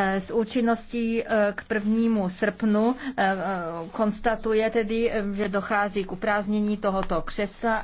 Eh, s účinností eh, k prvnímu srpnu eh, konstatuje tedy, že dochází k uprázdnění tohoto křesla